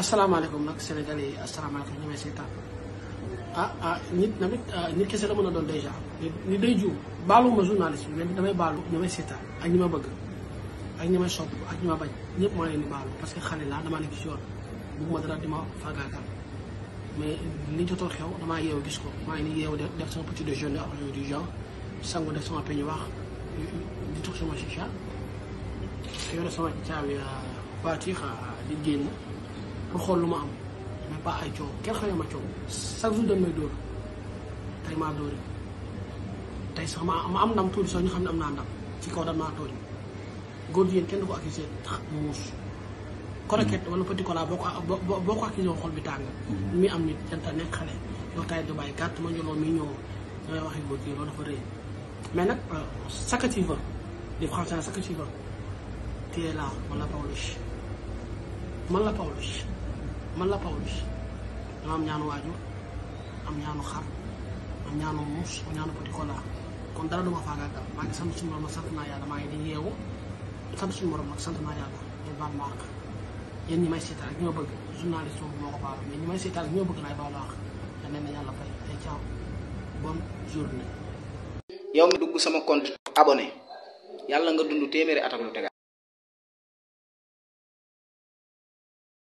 asalaamaaleykum nag Sénégalais yi asalaamaaleykum ñu may seetaan ah ah nit tamit ah, nit kese la mën a doon dèjà nit nit day juum baaluwuma journaliste mais damay baalu ñu may seetaan ak ñi ma bëgg ak ñi ma sopp ak ñi ma bañ ñëpp maa parce que xale laa damaa nekk ci yoon bugguma dara di ma faagaagal mais li jotoon xew damaa yeewu gis ko maa ngi nii yeewu def sama def sama peñu wax di tux sama chicha yore sama caabi ah, voiture ah, di génn. ma xool lu ma am mais pas ay coow kenn xamee ma coow chaque jour dañ may dóor tey maa dóori sax ma am ndam tuuti sax ñu xam ne am naa ndam ci kaw dañ maa tooñ góor jigéen kenn du ko accusé tax ah, mu muus croquette wala petit boo ko boo xol bi tàng mm-hmm. mi am nit janta nekk xale yow tay du bàyyi gàtt ma njoloo mi ñëw dangay waxi góor jigéen loolu dafa rëy mais nag euh, saka ci va di français ci va téye laa wala Pawlish man la Pawlish man la Pawlish am ñaanu waajur am ñaanu xar am ñaanu muus am ñaanu petit cola kon dara duma faagaagal maa ngi sant suñu borom sant naa yàlla maa ngi di yeewu sant suñu borom nag sant naa yàlla ñun ñi may seetaan ak ñoo bëgg journaliste moo ko baal mais ñi may seetaan ak ñoo bëgg laay baalu àq da leen na yàlla fay ay caaw bonne journée. yow mi dugg sama compte abonné yàlla nga dund téeméeri at ak lu tegaat